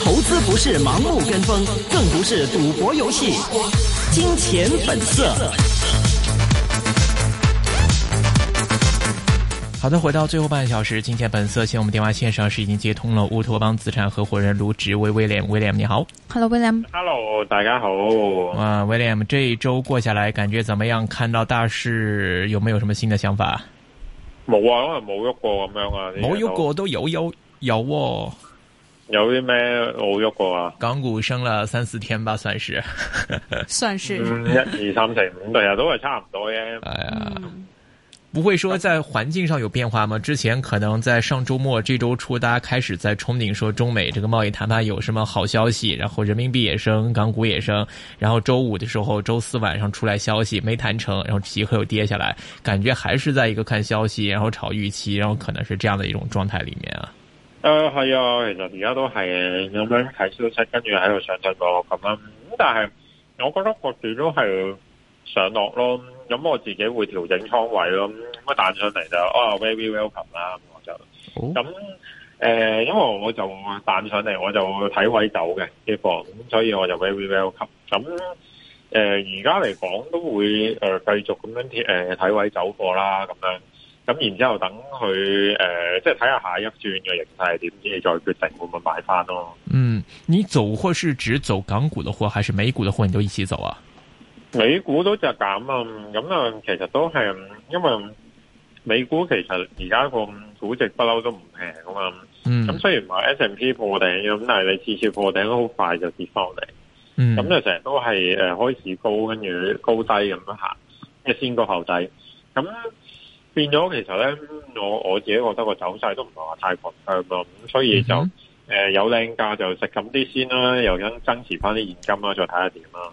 投資不是盲目跟風，更不是賭博遊戲。金錢本色。好的，回到最後半小時，金錢本色，現在我們電話線上是已經接通了烏托邦資產合伙人盧志威。William，William，你好。Hello，William。Hello，大家好。啊，William，這一周過下來感覺怎麼樣？看到大勢有沒有什麼新的想法？冇啊，可能冇喐過咁樣啊。冇喐過都有有有，有啲咩冇喐過啊？港股升啦，三四天吧，算是， 算是。嗯、一二三四五，係 啊，都係差唔多嘅，係、嗯、啊。不會說在環境上有變化嗎？之前可能在上週末、這週初，大家開始在憧憬說中美這個貿易談判有什麼好消息，然後人民幣也升，港股也升。然後週五的時候，週四晚上出來消息沒談成，然後即刻又跌下來，感覺還是在一個看消息，然後炒預期，然後可能是這樣的一種狀態裡面啊。啊、呃，係啊，其實而家都係，咁樣睇消息，跟住喺度上落咁樣。咁但係，我覺得各自都係。上落咯，咁、嗯、我自己會調整倉位咯，咁咩彈上嚟，就啊、oh, very welcome 啦、啊，咁我就咁誒、哦嗯，因為我就彈上嚟，我就睇位走嘅啲貨，咁所以我就 very welcome。咁、嗯、誒，而家嚟講都會誒繼、呃、續咁樣誒睇、呃、位走貨啦，咁樣咁然之後等佢誒、呃、即係睇下下一轉嘅形勢係點，先至再決定會唔會買翻咯。嗯，你走貨是指走港股嘅貨，還是美股嘅貨，你都一起走啊？美股都就咁啊，咁、嗯、啊，其實都係，因為美股其實而家個估值不嬲都唔平啊。嘛、嗯。咁雖然話 S&P 破頂咁，但係你次次破頂都好快就跌翻落嚟。咁就成日都係誒開始高，跟住高低咁樣行，即係先高後低。咁、嗯、變咗其實咧，我我自己覺得個走勢都唔係話太誇張咯。咁、嗯、所以就誒、嗯嗯呃、有靚價就食咁啲先啦，又想增持翻啲現金啦，再睇下點啦。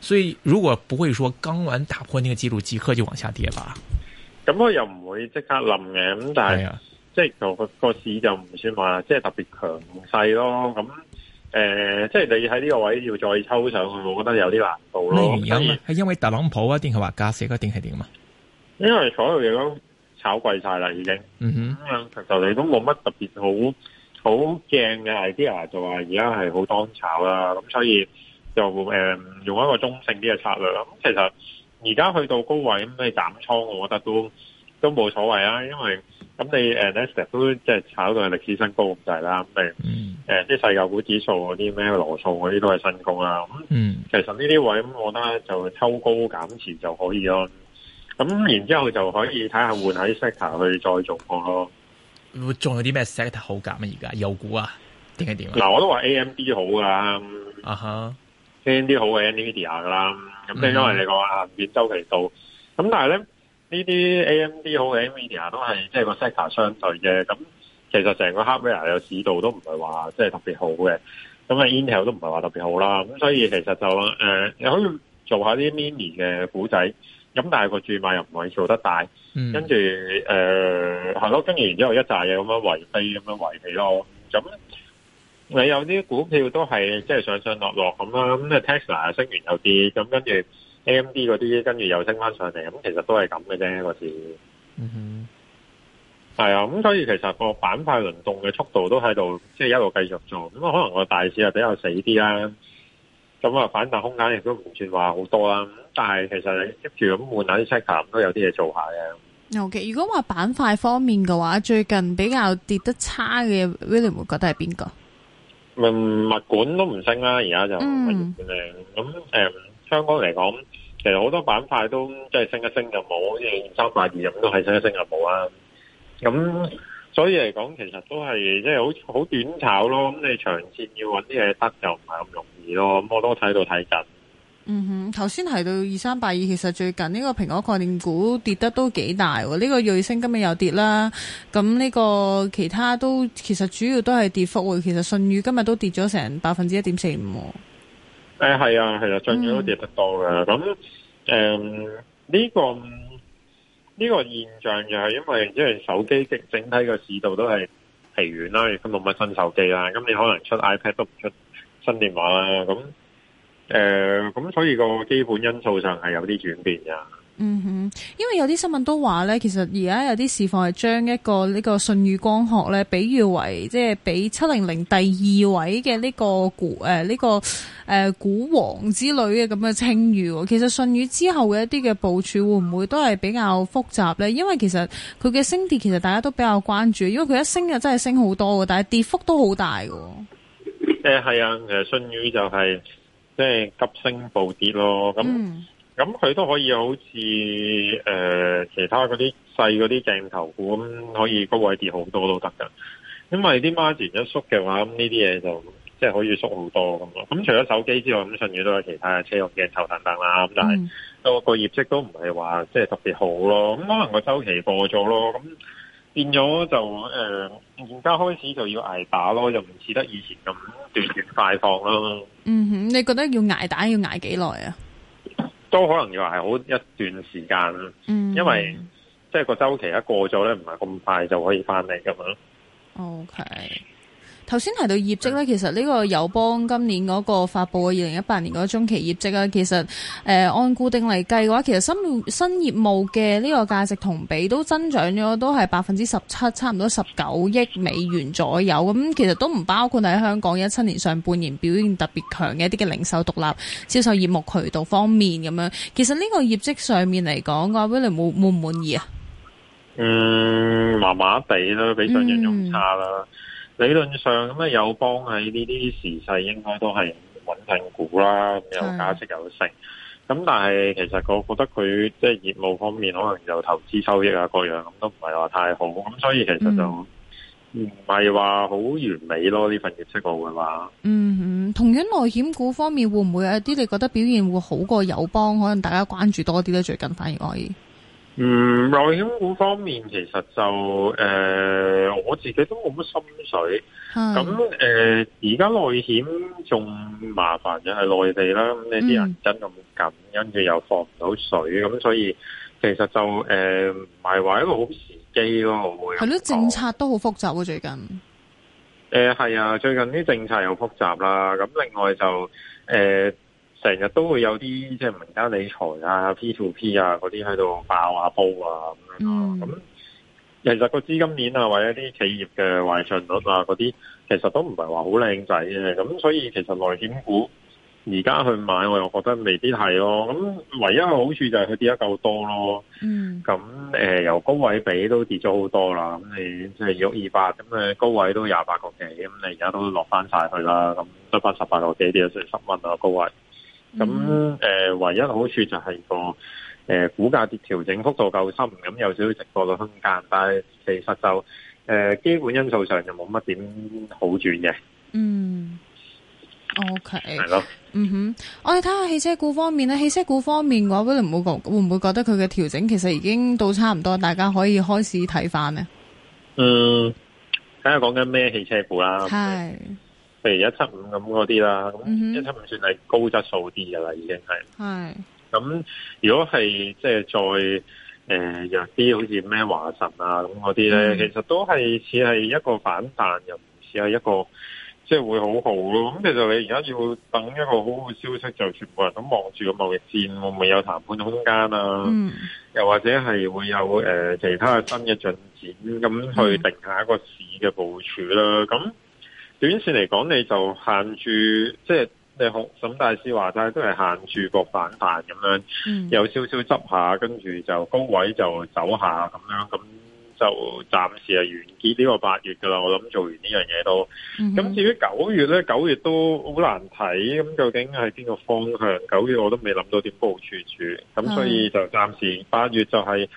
所以如果不會說剛玩打破那個記錄即刻就往下跌吧？咁我又唔會刻、啊、即刻冧嘅，咁但係即係個個市就唔算話即係特別強勢咯。咁、嗯、誒、呃，即係你喺呢個位要再抽上去，我覺得有啲難度咯。係因為特朗普啊，定係話加息，一定係點啊？因為所有嘢都炒貴晒啦，已經。嗯哼，嗯其實你都冇乜特別好好勁嘅 idea，就話而家係好當炒啦。咁所以。就誒用一個中性啲嘅策略啦。咁其實而家去到高位咁，你斬倉，我覺得都都冇所謂啊。因為咁你誒 Nasdaq 都即係炒到係歷史新高咁滯啦。咁誒，誒啲、嗯啊、世界股指數嗰啲咩羅素嗰啲都係新高啦。咁、嗯嗯、其實呢啲位咁，我覺得就抽高減持就可以咯。咁然之後就可以睇下換啲 Sector 去再做過咯。仲、啊、有啲咩 Sector 好減啊？而家有股啊？點啊點嗱，我都話 AMD 好噶、啊。啊哈。啲好嘅 Nvidia 㗎啦，咁因為你個啊遠周期到，咁但係咧呢啲 AMD 好嘅 Nvidia 都係即係個 sector 相對嘅，咁其實成個 hardware 有市道都唔係話即係特別好嘅，咁啊 Intel 都唔係話特別好啦，咁所以其實就誒、呃、你可以做下啲 mini 嘅古仔，咁但係個注碼又唔可以做得大，跟住誒係咯，跟住然、呃、之後一紮嘢咁樣圍起咁樣圍起咯，咁你有啲股票都係即係上上落落咁啦，咁啊 Tesla 升完有啲，咁跟住 AMD 嗰啲，跟住又升翻上嚟，咁其實都係咁嘅啫，嗰次。嗯哼。係啊，咁所以其實個板塊輪動嘅速度都喺度，即係一路繼續做。咁啊，可能個大市又比較死啲啦。咁啊，反彈空間亦都唔算話好多啦。咁但係其實，你 keep 住咁換下啲 sector，都有啲嘢做下嘅。OK，如果話板塊方面嘅話，最近比較跌得差嘅，William 會覺得係邊個？嗯、物管都唔升啦，而家就咁樣。咁、mm. 誒、嗯嗯，香港嚟講，其實好多板塊都即係升一升就冇，好似三百二咁都係升一升就冇啦。咁、嗯、所以嚟講，其實都係即係好好短炒咯。咁你長線要搵啲嘢得，就唔係咁容易咯。咁我都睇到睇緊。嗯哼，頭先提到二三八二，其實最近呢個蘋果概念股跌得都幾大，呢、這個瑞聲今日又跌啦，咁、這、呢個其他都其實主要都係跌幅，其實舜宇今日都跌咗成百分之一點四五。誒係啊係啊，舜宇都跌得多㗎。咁誒呢個呢、這個現象就係因為因為手機整整體個市道都係疲軟啦，而家冇乜新手機啦，咁你可能出 iPad 都唔出新電話啦，咁。誒、呃，咁所以個基本因素上係有啲轉變噶。嗯哼，因為有啲新聞都話咧，其實而家有啲市況係將一個呢個信宇光學咧，比喻為即係比七零零第二位嘅呢個股誒，呢、呃這個誒股、呃、王之類嘅咁嘅稱譽。其實信宇之後嘅一啲嘅部署會唔會都係比較複雜咧？因為其實佢嘅升跌其實大家都比較關注，因為佢一升就真係升好多嘅，但係跌幅都好大嘅。誒、呃，係啊，其實信宇就係、是。即係急升暴跌咯，咁咁佢都可以好似誒、呃、其他嗰啲細嗰啲鏡頭股，可以高位跌好多都得㗎。因為啲 Margin 一縮嘅話，咁呢啲嘢就即係可以縮好多咁咯。咁除咗手機之外，咁甚至都有其他嘅車用鏡頭等等啦。咁但係個個業績都唔係話即係特別好咯。咁可能個週期過咗咯。咁變咗就誒，而家開始就要挨打咯，就唔似得以前咁斷斷快放咯。嗯哼，你覺得要挨打要挨幾耐啊？都可能要挨好一段時間啦。嗯，因為即係個週期一過咗咧，唔係咁快就可以翻嚟咁樣。O K。頭先提到業績呢，其實呢個友邦今年嗰個發布嘅二零一八年嗰個中期業績呢，其實誒、呃、按固定嚟計嘅話，其實新新業務嘅呢個價值同比都增長咗，都係百分之十七，差唔多十九億美元左右。咁、嗯、其實都唔包括喺香港一七年上半年表現特別強嘅一啲嘅零售獨立銷售業務渠道方面咁樣。其實呢個業績上面嚟講嘅話威 i l 滿唔滿意啊？嗯，麻麻地啦，比上一年差啦。理論上咁啊，友邦喺呢啲時勢應該都係穩定股啦，有價值有息。咁但係其實我覺得佢即係業務方面可能有投資收益啊，各樣咁都唔係話太好，咁所以其實就唔係話好完美咯呢、嗯、份業績我會話。嗯，同樣內險股方面會唔會有一啲你覺得表現會好過友邦，可能大家關注多啲咧，最近反而可以。嗯，內險股方面，其實就誒、呃，我自己都冇乜心水。咁、嗯、誒，而家內險仲麻煩嘅係內地啦，呢啲銀根咁緊，跟住又放唔到水，咁、嗯、所以其實就誒，唔係話一個好時機咯，會係咯，政策都好複雜啊，最近。誒、呃，係啊，最近啲政策又複雜啦。咁另外就誒。呃成日都會有啲即係民間理財啊、P2P 啊嗰啲喺度爆下、啊、煲啊咁樣咯。咁、mm. 嗯、其實個資金鏈啊，或者啲企業嘅壞賬率啊嗰啲，其實都唔係話好靚仔嘅。咁所以其實內險股而家去買，我又覺得未必係咯。咁唯一嘅好處就係佢跌得夠多咯。Mm. 嗯。咁、嗯嗯、由高位比都跌咗好多啦。咁你即係如果二百咁嘅高位都廿八個幾咁，你而家都落翻曬去啦。咁得翻十八個幾跌咗成十蚊咯，高位就。咁、嗯、誒、嗯，唯一好處就係個誒、呃、股價跌調整幅度夠深，咁有少少直播嘅空間。但係其實就誒、呃、基本因素上就冇乜點好轉嘅。嗯，OK，係咯，嗯哼，我哋睇下汽車股方面咧。汽車股方面嘅話，我會唔會覺會唔會覺得佢嘅調整其實已經到差唔多，大家可以開始睇翻呢？嗯，睇下講緊咩汽車股啦。係。譬如一七五咁嗰啲啦，咁一七五算係高質素啲噶啦，已經係。係咁，如果係即係再誒弱啲，呃像像就是、好似咩華晨啊咁嗰啲咧，其實都係似係一個反彈，又唔似係一個即係會好好咯。咁其實你而家要等一個好好消息，就全部人都望住個貿易戰會唔會有談判空間啊？Mm -hmm. 又或者係會有誒、呃、其他嘅新嘅進展，咁去定下一個市嘅部署啦。咁。短線嚟講，你就限住，即、就、係、是、你學沈大師話齋，都係限住個反彈咁樣、嗯，有少少執下，跟住就高位就走下咁樣，咁就暫時係完結呢個八月噶啦，我諗做完呢樣嘢都。咁、嗯、至於九月呢？九月都好難睇，咁究竟係邊個方向？九月我都未諗到點部署住，咁所以就暫時八月就係、是。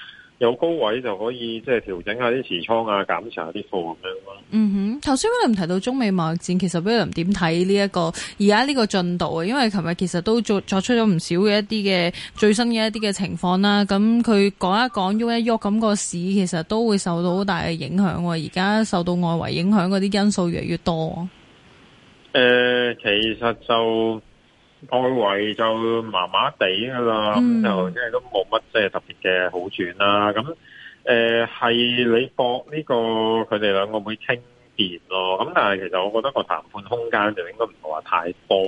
有高位就可以即係調整下啲持倉啊，減查下啲貨咁樣咯。嗯哼，頭先威爾唔提到中美貿易戰，其實威爾唔點睇呢一個而家呢個進度啊？因為琴日其實都作作出咗唔少嘅一啲嘅最新嘅一啲嘅情況啦，啊。咁佢講一講喐一喐，咁個市其實都會受到好大嘅影響，啊。而家受到外圍影響嗰啲因素越嚟越多。誒，呃，其實就。外圍就麻麻地噶啦，咁、mm -hmm. 就即係都冇乜即係特別嘅好轉啦、啊。咁誒係你博呢、這個佢哋兩個會傾掂咯。咁但係其實我覺得個談判空間就應該唔係話太多，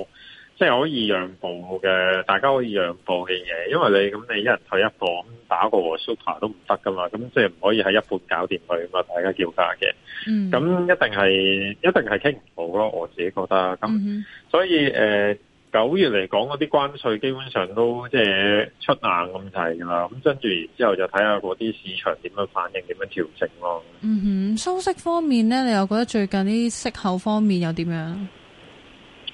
即、就、係、是、可以讓步嘅，大家可以讓步嘅嘢。因為你咁你一人退一步，咁打個和 super 都唔得噶嘛。咁即係唔可以喺一半搞掂佢咁嘛。大家叫價嘅，咁、mm -hmm. 一定係一定係傾唔到咯。我自己覺得咁，mm -hmm. 所以誒。呃九月嚟講嗰啲關稅，基本上都即係出硬咁樣啦。咁跟住之後就睇下嗰啲市場點樣反應，點樣調整咯。嗯哼，收息方面咧，你又覺得最近啲息口方面又點樣？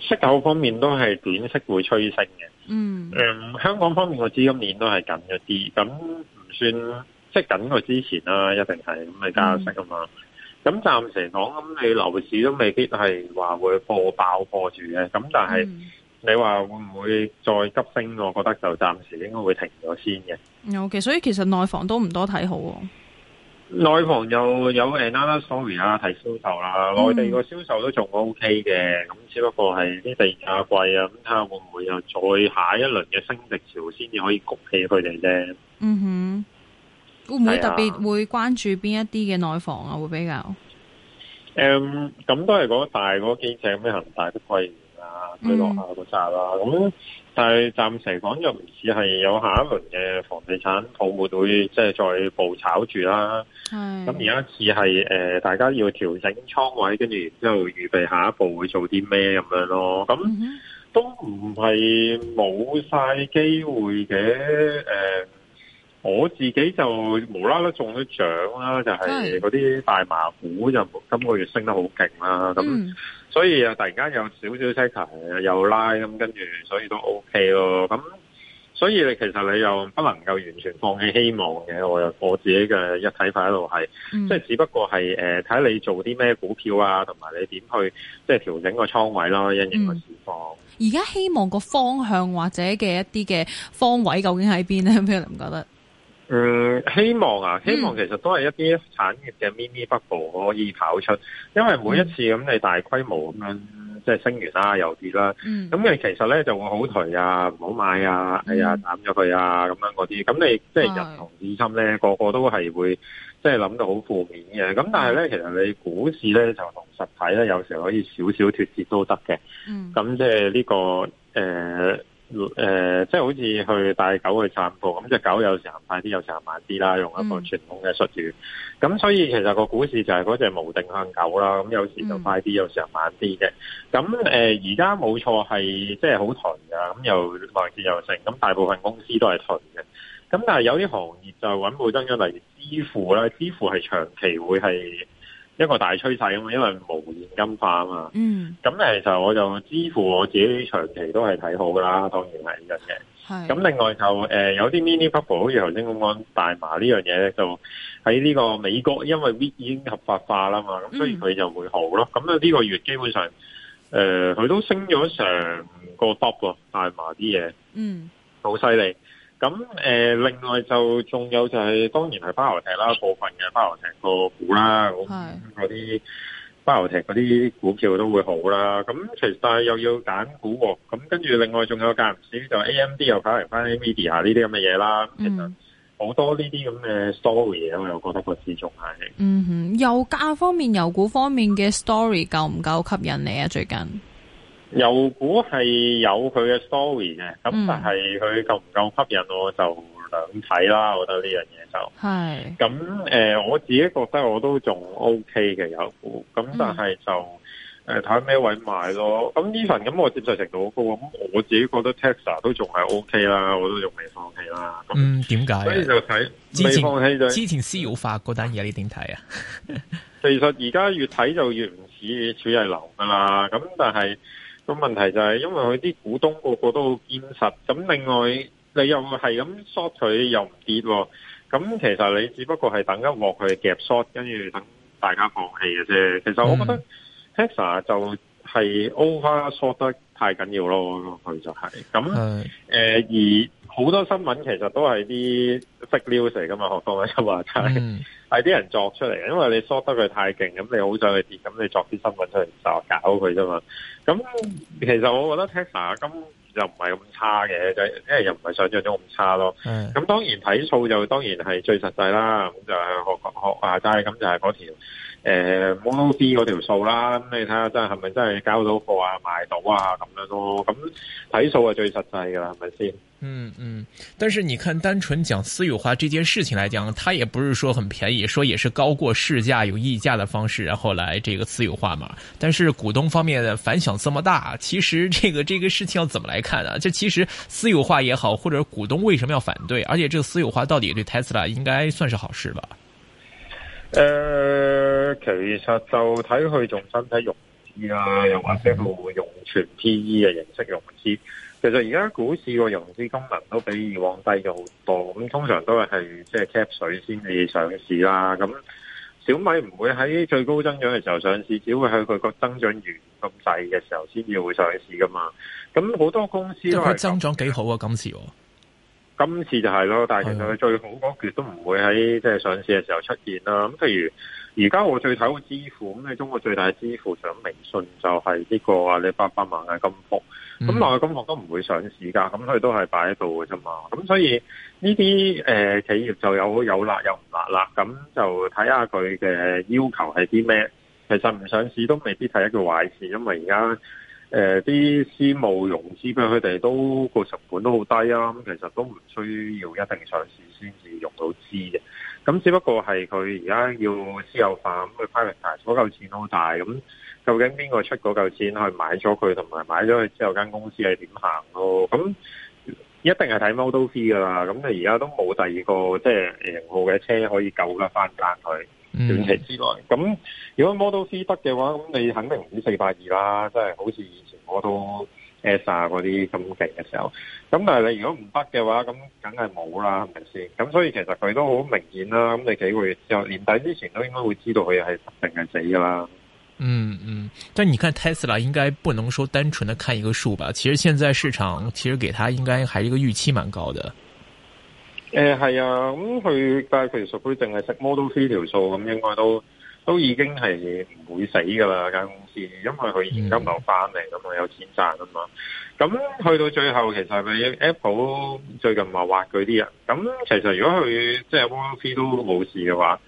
息口方面都係短息會趨升嘅。嗯，嗯，香港方面個資金鏈都係緊咗啲，咁唔算即係緊過之前啦，一定係咁嘅加息啊嘛。咁、嗯、暫時嚟講，咁你樓市都未必係話會破爆破住嘅。咁但係你話會唔會再急升？我覺得就暫時應該會停咗先嘅。OK，所以其實內房都唔多睇好。內房又有有誒，啦啦 sorry 啊，提銷售啦，內、嗯、地個銷售都仲 OK 嘅。咁只不過係啲地價貴啊，咁睇下會唔會又再下一輪嘅升值潮先至可以焗起佢哋啫。嗯哼，會唔會特別會關注邊一啲嘅內房啊？會比較？誒、嗯，咁都係嗰大嗰個建設咩恒大都貴。啊、嗯，落下個剎啦，咁但係暫時嚟講又唔似係有下一輪嘅房地產泡沫會即係再暴炒住啦。咁而家似係誒，大家要調整倉位，跟住然之後預備下一步會做啲咩咁樣咯。咁、嗯、都唔係冇晒機會嘅。誒、呃，我自己就無啦啦中咗獎啦，就係嗰啲大麻股就今個月升得好勁啦。咁。所以啊，突然間有少少 sector，又拉咁，跟住所以都 O K 咯。咁所以你其實你又不能夠完全放棄希望嘅，我我自己嘅一睇法喺度係，即、嗯、係只不過係睇、呃、你做啲咩股票啊，同埋你點去即係調整個倉位咯，因應個市況。而、嗯、家希望個方向或者嘅一啲嘅方位究竟喺邊咧？咁你唔覺得？嗯，希望啊，希望其實都係一啲產業嘅 mini bubble 可以跑出。嗯、因為每一次咁你大規模咁樣、嗯、即係升完啦，又跌啦，咁、嗯、其實咧就會好頹啊，唔好買啊，嗯、哎呀，斬咗佢啊，咁樣嗰啲，咁你即係、就是、人同此心咧、嗯，個個都係會即係諗到好負面嘅，咁但係咧、嗯，其實你股市咧就同實體咧，有時候可以少少脫節都得嘅，咁即係呢個誒。呃誒、呃，即係好似去帶狗去散步咁，隻狗有時行快啲，有時行慢啲啦。用一個傳統嘅術語，咁、嗯、所以其實個股市就係嗰隻無定向狗啦。咁有時就快啲，有時候慢、呃、又慢啲嘅。咁而家冇錯係即係好頹㗎，咁又還自又成。咁大部分公司都係頹嘅。咁但係有啲行業就穩步增長，例如支付啦，支付係長期會係。一個大趨勢啊嘛，因為無現金化啊嘛。嗯。咁咧，其實我就支付我自己長期都係睇好噶啦，當然係呢樣嘢。係。咁另外就誒、呃、有啲 mini bubble 好似頭先咁講大麻呢樣嘢咧，就喺呢個美國，因為 weed 已經合法化啦嘛，咁所以佢就會好咯。咁咧呢個月基本上誒佢、呃、都升咗成個 double 大麻啲嘢。嗯。好犀利！咁誒、呃，另外就仲有就係、是、當然係 biotech 啦，部分嘅 biotech 個股啦，嗰啲 biotech 嗰啲股票都會好啦。咁，但係又要揀股喎、啊，咁跟住另外仲有間唔少，就 AMD 又搞嚟翻 Nvidia 呢啲咁嘅嘢啦、嗯。其實好多呢啲咁嘅 story，啊、我又覺得個始終係。嗯哼，油價方面、油股方面嘅 story 夠唔夠吸引你啊？最近？有油股係有佢嘅 story 嘅。咁但係佢夠唔夠吸引我就兩睇啦。我覺得呢樣嘢就係咁，誒、呃，我自己覺得我都仲 OK 嘅油股，咁但係就誒睇咩位買咯。咁呢份咁我接受程度好高，咁我自己覺得 Tesla 都仲係 OK 啦，我都仲未放棄啦。嗯，點解？所以就睇未放棄就之前私有化嗰單嘢你點睇啊？ 其實而家越睇就越唔似處係流噶啦，咁但係。咁問題就係因為佢啲股東個個都好堅實，咁另外你又唔係咁 short 佢又唔跌喎，咁其實你只不過係等一鑊佢夾 short，跟住等大家放棄嘅啫。其實我覺得 Hexa 就係 over short 得太緊要咯，佢就係咁誒。而好多新聞其實都係啲 fake news 嚟噶嘛，學多位、嗯、一話齋就係啲人作出嚟嘅。因為你 short 得佢太勁，咁你好想去跌，咁你作啲新聞出嚟就搞佢啫嘛。咁其實我覺得 Tesla 咁又唔係咁差嘅，即係即又唔係想像中咁差咯。咁當然睇數就當然係最實際啦。咁就學學學啊，就係咁就係嗰條。誒、嗯，公司嗰條數啦，咁你睇下真係係咪真係交到貨啊、買到啊咁樣咯？咁睇數係最實際噶啦，係咪先？嗯嗯，但是你看，單純講私有化這件事情來講，它也不是說很便宜，說也是高過市價有溢價的方式，然後來這個私有化嘛。但是股東方面反響這麼大，其實這個這個事情要怎麼來看啊？這其實私有化也好，或者股東為什麼要反對？而且這個私有化到底對 Tesla 應該算是好事吧？誒、呃，其實就睇佢仲使唔使融資啦，又或者會唔會用全 P E 嘅形式融資？其實而家股市個融資功能都比以往低咗好多。咁通常都係係即係 cap 水先至上市啦。咁小米唔會喺最高增長嘅時候上市，只會喺佢個增長完咁細嘅時候先至會上市㗎嘛。咁好多公司佢增長幾好啊，今次。今次就係咯，但係其實佢最好嗰橛都唔會喺即係上市嘅時候出現啦。咁譬如而家我最睇好支付咁，你中國最大嘅支付上微信就係呢個阿里巴巴嘅螞蟻金服，咁落去金服都唔會上市噶，咁佢都係擺喺度嘅啫嘛。咁所以呢啲、呃、企業就有有辣有唔辣啦，咁就睇下佢嘅要求係啲咩。其實唔上市都未必係一個壞事，因為而家。誒、呃、啲私募融資，佢哋都個成本都好低啊，咁其實都唔需要一定上市先至融到資嘅。咁只不過係佢而家要私有化，咁佢 private 大嗰嚿錢好大，咁究竟邊個出嗰嚿錢去買咗佢，同埋買咗佢之後間公司係點行咯？咁一定係睇 model three 㗎啦。咁佢而家都冇第二個即係、就是、型號嘅車可以救得翻間佢。嗯、短期之內，咁如果 Model C 得嘅話，咁你肯定唔止四百二啦，即係好似以前 Model S 啊，嗰啲咁勁嘅時候。咁但係你如果唔得嘅話，咁梗係冇啦，係咪先？咁所以其實佢都好明顯啦。咁你幾個月之後，年底之前都應該會知道佢係得定係死噶啦。嗯嗯，但係你看 Tesla 應該不能說單純的看一個數吧？其實現在市場其實給他應該還是一個預期蠻高的。誒、哎，係啊，咁佢但係其實佢淨係食 Model Three 條數，咁應該都都已經係唔會死噶啦間公司，因為佢現金流翻嚟，咁啊有錢賺啊嘛。咁去到最後，其實係咪 Apple 最近話挖佢啲人。咁其實如果佢即係 Model Three 都冇事嘅話。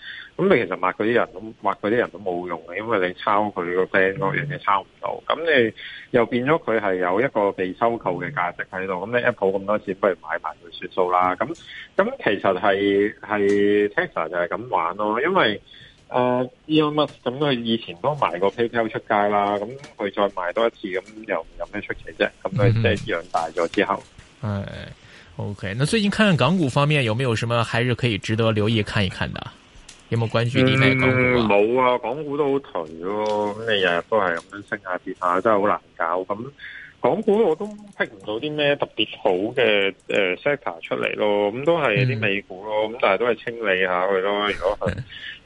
咁你其實抹嗰啲人都挖嗰啲人都冇用嘅，因為你抄佢個 friend 樣嘢抄唔到。咁你又變咗佢係有一個被收購嘅價值喺度。咁你 Apple 咁多錢，不如買埋佢算數啦。咁咁其實係係 Tesla 就係咁玩咯。因為誒、呃、，Elon Musk 咁佢以前都賣過 PayPal 出街啦。咁佢再賣多一次，咁又有咩出奇啫？咁佢即係養大咗之後。誒、嗯嗯哎、，OK。那最近看，看港股方面有冇有什麼還是可以值得留意看一看的？有冇關注啲咩港股？冇、嗯、啊，港股都好頹咯，咁、嗯、你日日都係咁樣升下跌下，真係好難搞。咁、嗯、港股我都畀唔到啲咩特別好嘅誒 sector 出嚟咯，咁、嗯、都係啲美股咯，咁但係都係清理下去咯。如果係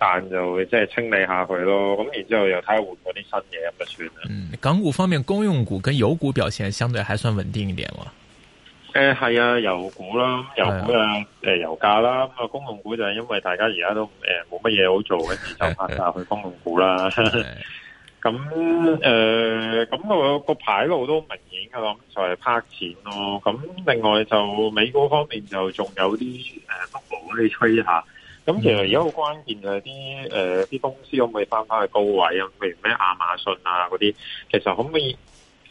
彈就會即係清理下去咯，咁 然之後又睇下換嗰啲新嘢咁就算啦、嗯。港股方面公用股跟油股表現相對還算穩定一點嘛。誒、呃，係啊，油股啦，油股啊，誒、呃，油價啦，咁啊，公用股就係因為大家而家都誒冇乜嘢好做，咁就拍下去公用股啦。咁 誒， 咁、呃、個個牌路都明顯噶咯，咁就係泊錢咯。咁另外就美股方面就仲有啲誒，泡沫可以吹一下。咁其實而家好關鍵係啲誒，啲、呃、公司可唔可以翻翻去高位啊？譬如咩亞馬遜啊嗰啲，其實可唔可以？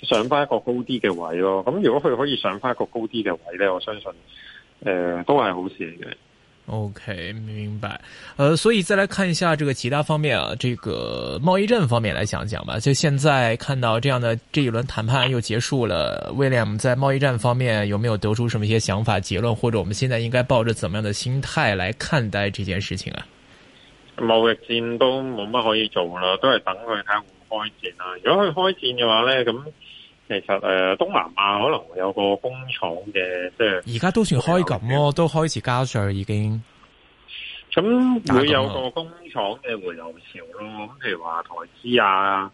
上翻一個高啲嘅位咯、哦，咁如果佢可以上翻一個高啲嘅位咧，我相信誒、呃、都係好事嚟嘅。O、okay, K，明白。誒、呃，所以再來看一下這個其他方面啊，這個貿易戰方面來講講吧。就現在看到這樣的這一輪談判又結束了，William 在貿易戰方面有沒有得出什麼一些想法結論，或者我們現在應該抱着怎麼樣的心態來看待這件事情啊？貿易戰都冇乜可以做啦，都係等佢睇下會唔會開戰啦、啊。如果佢開戰嘅話咧，咁。其實誒、呃，東南亞可能會有個工廠嘅，即係而家都算開緊咯，都開始交稅已經。咁會有個工廠嘅回流潮咯，咁譬如話台資啊，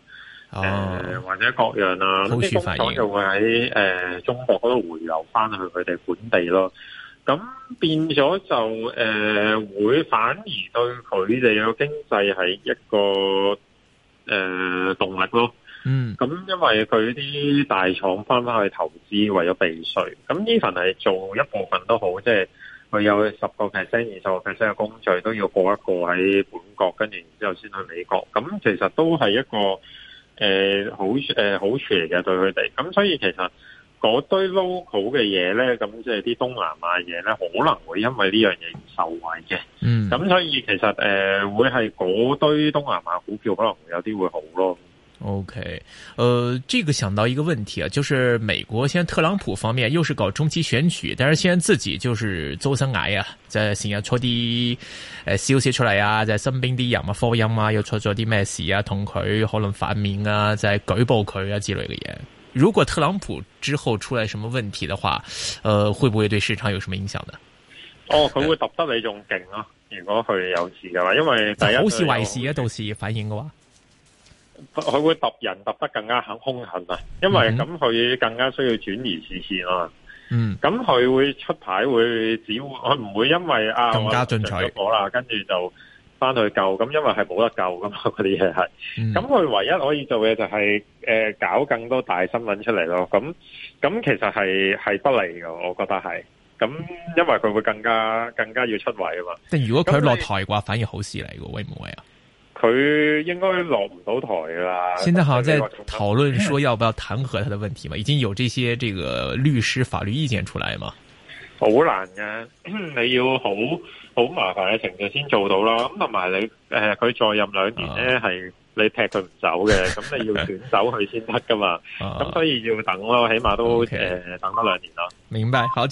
誒、啊呃、或者各樣啊，咁啲工廠就會喺誒、呃、中國嗰度回流翻去佢哋本地咯。咁變咗就誒會、呃、反而對佢哋嘅經濟係一個誒、呃、動力咯。嗯，咁因為佢啲大廠翻翻去，投資，為咗避稅，咁呢份係係做一部分都好，即係佢有十個 percent、二十個 percent 嘅工序都要過一個喺本國，跟住然後之後先去美國。咁其實都係一個誒、呃、好誒、呃、好處嚟嘅對佢哋。咁所以其實嗰堆 local 嘅嘢咧，咁即係啲東南亞嘢咧，可能會因為呢樣嘢而受惠嘅。嗯，咁所以其實誒、呃、會係嗰堆東南亞股票，可能有啲會好咯。OK，誒，這個想到一個問題啊，就是美國現在特朗普方面又是搞中期選舉，但是現在自己就是周身蟻啊，就成日出啲誒消息出嚟啊，就身邊啲人啊，科音啊，又出咗啲咩事啊，同佢可能反面啊，就係舉報佢啊之類嘅嘢。如果特朗普之後出來什麼問題的話，誒、呃，會不會對市場有什麼影響呢？哦，佢會揼得你仲勁啊，如果佢有事嘅話，因為第一好事壞事啊，到時反應嘅話。佢會揼人揼得更加肯凶狠啊！因為咁佢更加需要轉移視線啊。嗯、咁、嗯、佢會出牌會只，會佢唔會因為啊更加進取火啦，跟、啊、住就翻去救咁，因為係冇得救噶嘛。啲嘢係，咁、嗯、佢唯一可以做嘅就係、是、誒、呃、搞更多大新聞出嚟咯。咁咁其實係係不利噶，我覺得係。咁因為佢會更加更加要出位啊嘛。即係如果佢落台嘅話，反而好事嚟嘅，會唔會啊？佢應該落唔到台噶啦。現在好像在討論說要不要彈劾他的問題嘛， 已經有這些這個律師法律意見出來嘛。好難嘅，你要好好麻煩嘅程序先做到咯。咁同埋你誒，佢、呃、再任兩年咧係、啊、你踢佢唔走嘅，咁你要選走佢先得噶嘛。咁、 啊、所以要等咯，起碼都誒、okay. 呃、等多兩年咯。明白，好。